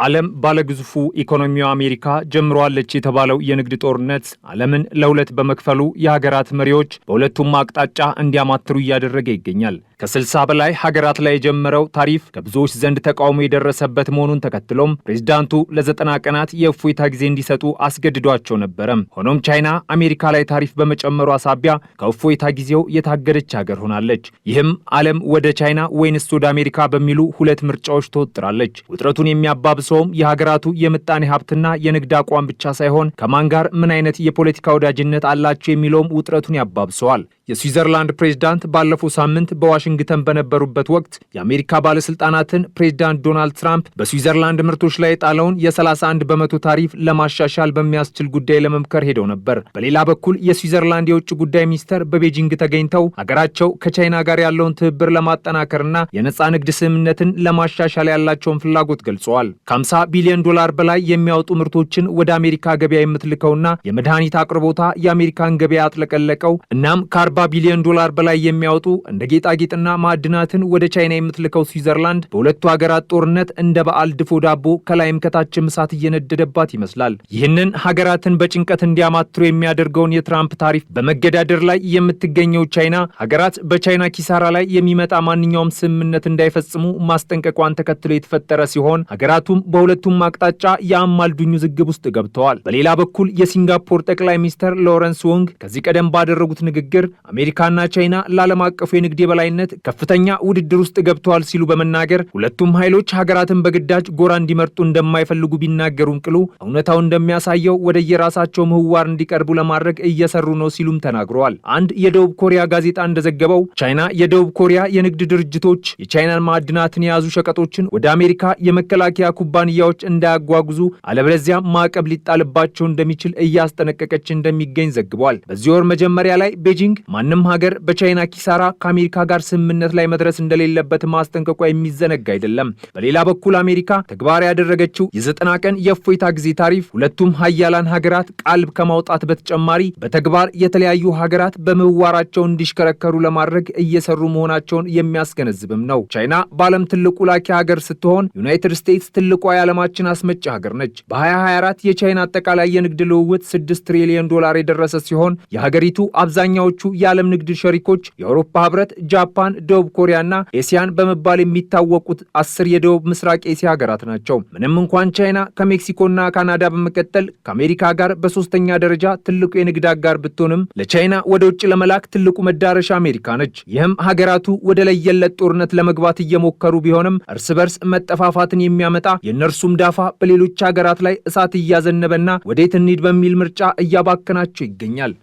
የዓለም ባለግዙፉ ኢኮኖሚው አሜሪካ ጀምሯለች የተባለው የንግድ ጦርነት ዓለምን ለሁለት በመክፈሉ የሀገራት መሪዎች በሁለቱም አቅጣጫ እንዲያማትሩ እያደረገ ይገኛል። ከስልሳ በላይ ሀገራት ላይ የጀመረው ታሪፍ ከብዙዎች ዘንድ ተቃውሞ የደረሰበት መሆኑን ተከትሎም ፕሬዚዳንቱ ለዘጠና ቀናት የእፎይታ ጊዜ እንዲሰጡ አስገድዷቸው ነበረም። ሆኖም ቻይና አሜሪካ ላይ ታሪፍ በመጨመሩ አሳቢያ ከእፎይታ ጊዜው የታገደች ሀገር ሆናለች። ይህም ዓለም ወደ ቻይና ወይንስ ወደ አሜሪካ በሚሉ ሁለት ምርጫዎች ተወጥራለች። ውጥረቱን የሚያባብሰውም የሀገራቱ የምጣኔ ሀብትና የንግድ አቋም ብቻ ሳይሆን ከማን ጋር ምን አይነት የፖለቲካ ወዳጅነት አላቸው የሚለውም ውጥረቱን ያባብሰዋል። የስዊዘርላንድ ፕሬዝዳንት ባለፈው ሳምንት በዋሽንግተን በነበሩበት ወቅት የአሜሪካ ባለስልጣናትን ፕሬዝዳንት ዶናልድ ትራምፕ በስዊዘርላንድ ምርቶች ላይ የጣለውን የ31 በመቶ ታሪፍ ለማሻሻል በሚያስችል ጉዳይ ለመምከር ሄደው ነበር። በሌላ በኩል የስዊዘርላንድ የውጭ ጉዳይ ሚኒስተር በቤጂንግ ተገኝተው አገራቸው ከቻይና ጋር ያለውን ትብብር ለማጠናከርና የነፃ ንግድ ስምምነትን ለማሻሻል ያላቸውን ፍላጎት ገልጸዋል። ከ50 ቢሊዮን ዶላር በላይ የሚያወጡ ምርቶችን ወደ አሜሪካ ገበያ የምትልከውና የመድኃኒት አቅርቦታ የአሜሪካን ገበያ አጥለቀለቀው እናም ከ40 40 ቢሊዮን ዶላር በላይ የሚያወጡ እንደ ጌጣጌጥና ማዕድናትን ወደ ቻይና የምትልከው ስዊዘርላንድ በሁለቱ ሀገራት ጦርነት እንደ በዓል ድፎ ዳቦ ከላይም ከታችም እሳት እየነደደባት ይመስላል። ይህንን ሀገራትን በጭንቀት እንዲያማትሩ የሚያደርገውን የትራምፕ ታሪፍ በመገዳደር ላይ የምትገኘው ቻይና ሀገራት በቻይና ኪሳራ ላይ የሚመጣ ማንኛውም ስምምነት እንዳይፈጽሙ ማስጠንቀቋን ተከትሎ የተፈጠረ ሲሆን ሀገራቱም በሁለቱም አቅጣጫ የአማልዱኝ ውዝግብ ውስጥ ገብተዋል። በሌላ በኩል የሲንጋፖር ጠቅላይ ሚኒስትር ሎረንስ ወንግ ከዚህ ቀደም ባደረጉት ንግግር አሜሪካና ቻይና ለዓለም አቀፉ የንግድ የበላይነት ከፍተኛ ውድድር ውስጥ ገብተዋል ሲሉ በመናገር ሁለቱም ኃይሎች ሀገራትን በግዳጅ ጎራ እንዲመርጡ እንደማይፈልጉ ቢናገሩም ቅሉ እውነታው እንደሚያሳየው ወደ የራሳቸው ምህዋር እንዲቀርቡ ለማድረግ እየሰሩ ነው ሲሉም ተናግረዋል። አንድ የደቡብ ኮሪያ ጋዜጣ እንደዘገበው ቻይና የደቡብ ኮሪያ የንግድ ድርጅቶች የቻይናን ማዕድናትን የያዙ ሸቀጦችን ወደ አሜሪካ የመከላከያ ኩባንያዎች እንዳያጓጉዙ አለበለዚያ ማዕቀብ ሊጣልባቸው እንደሚችል እያስጠነቀቀች እንደሚገኝ ዘግቧል። በዚህ ወር መጀመሪያ ላይ ቤጂንግ ማንም ሀገር በቻይና ኪሳራ ከአሜሪካ ጋር ስምምነት ላይ መድረስ እንደሌለበት ማስጠንቀቋ የሚዘነጋ አይደለም። በሌላ በኩል አሜሪካ ተግባር ያደረገችው የዘጠና ቀን የእፎይታ ጊዜ ታሪፍ ሁለቱም ሀያላን ሀገራት ቃል ከማውጣት በተጨማሪ በተግባር የተለያዩ ሀገራት በምህዋራቸው እንዲሽከረከሩ ለማድረግ እየሰሩ መሆናቸውን የሚያስገነዝብም ነው። ቻይና በዓለም ትልቁ ላኪ ሀገር ስትሆን ዩናይትድ ስቴትስ ትልቋ የዓለማችን አስመጪ ሀገር ነች። በ2024 የቻይና አጠቃላይ የንግድ ልውውጥ 6 ትሪሊዮን ዶላር የደረሰ ሲሆን የሀገሪቱ አብዛኛዎቹ የዓለም ንግድ ሸሪኮች የአውሮፓ ህብረት፣ ጃፓን፣ ደቡብ ኮሪያና ኤሲያን በመባል የሚታወቁት አስር የደቡብ ምስራቅ ኤሲያ ሀገራት ናቸው። ምንም እንኳን ቻይና ከሜክሲኮና ካናዳ በመቀጠል ከአሜሪካ ጋር በሶስተኛ ደረጃ ትልቁ የንግድ አጋር ብትሆንም ለቻይና ወደ ውጭ ለመላክ ትልቁ መዳረሻ አሜሪካ ነች። ይህም ሀገራቱ ወደ ለየለት ጦርነት ለመግባት እየሞከሩ ቢሆንም እርስ በርስ መጠፋፋትን የሚያመጣ የእነርሱም ዳፋ በሌሎች ሀገራት ላይ እሳት እያዘነበና ወዴት እንሂድ በሚል ምርጫ እያባከናቸው ይገኛል።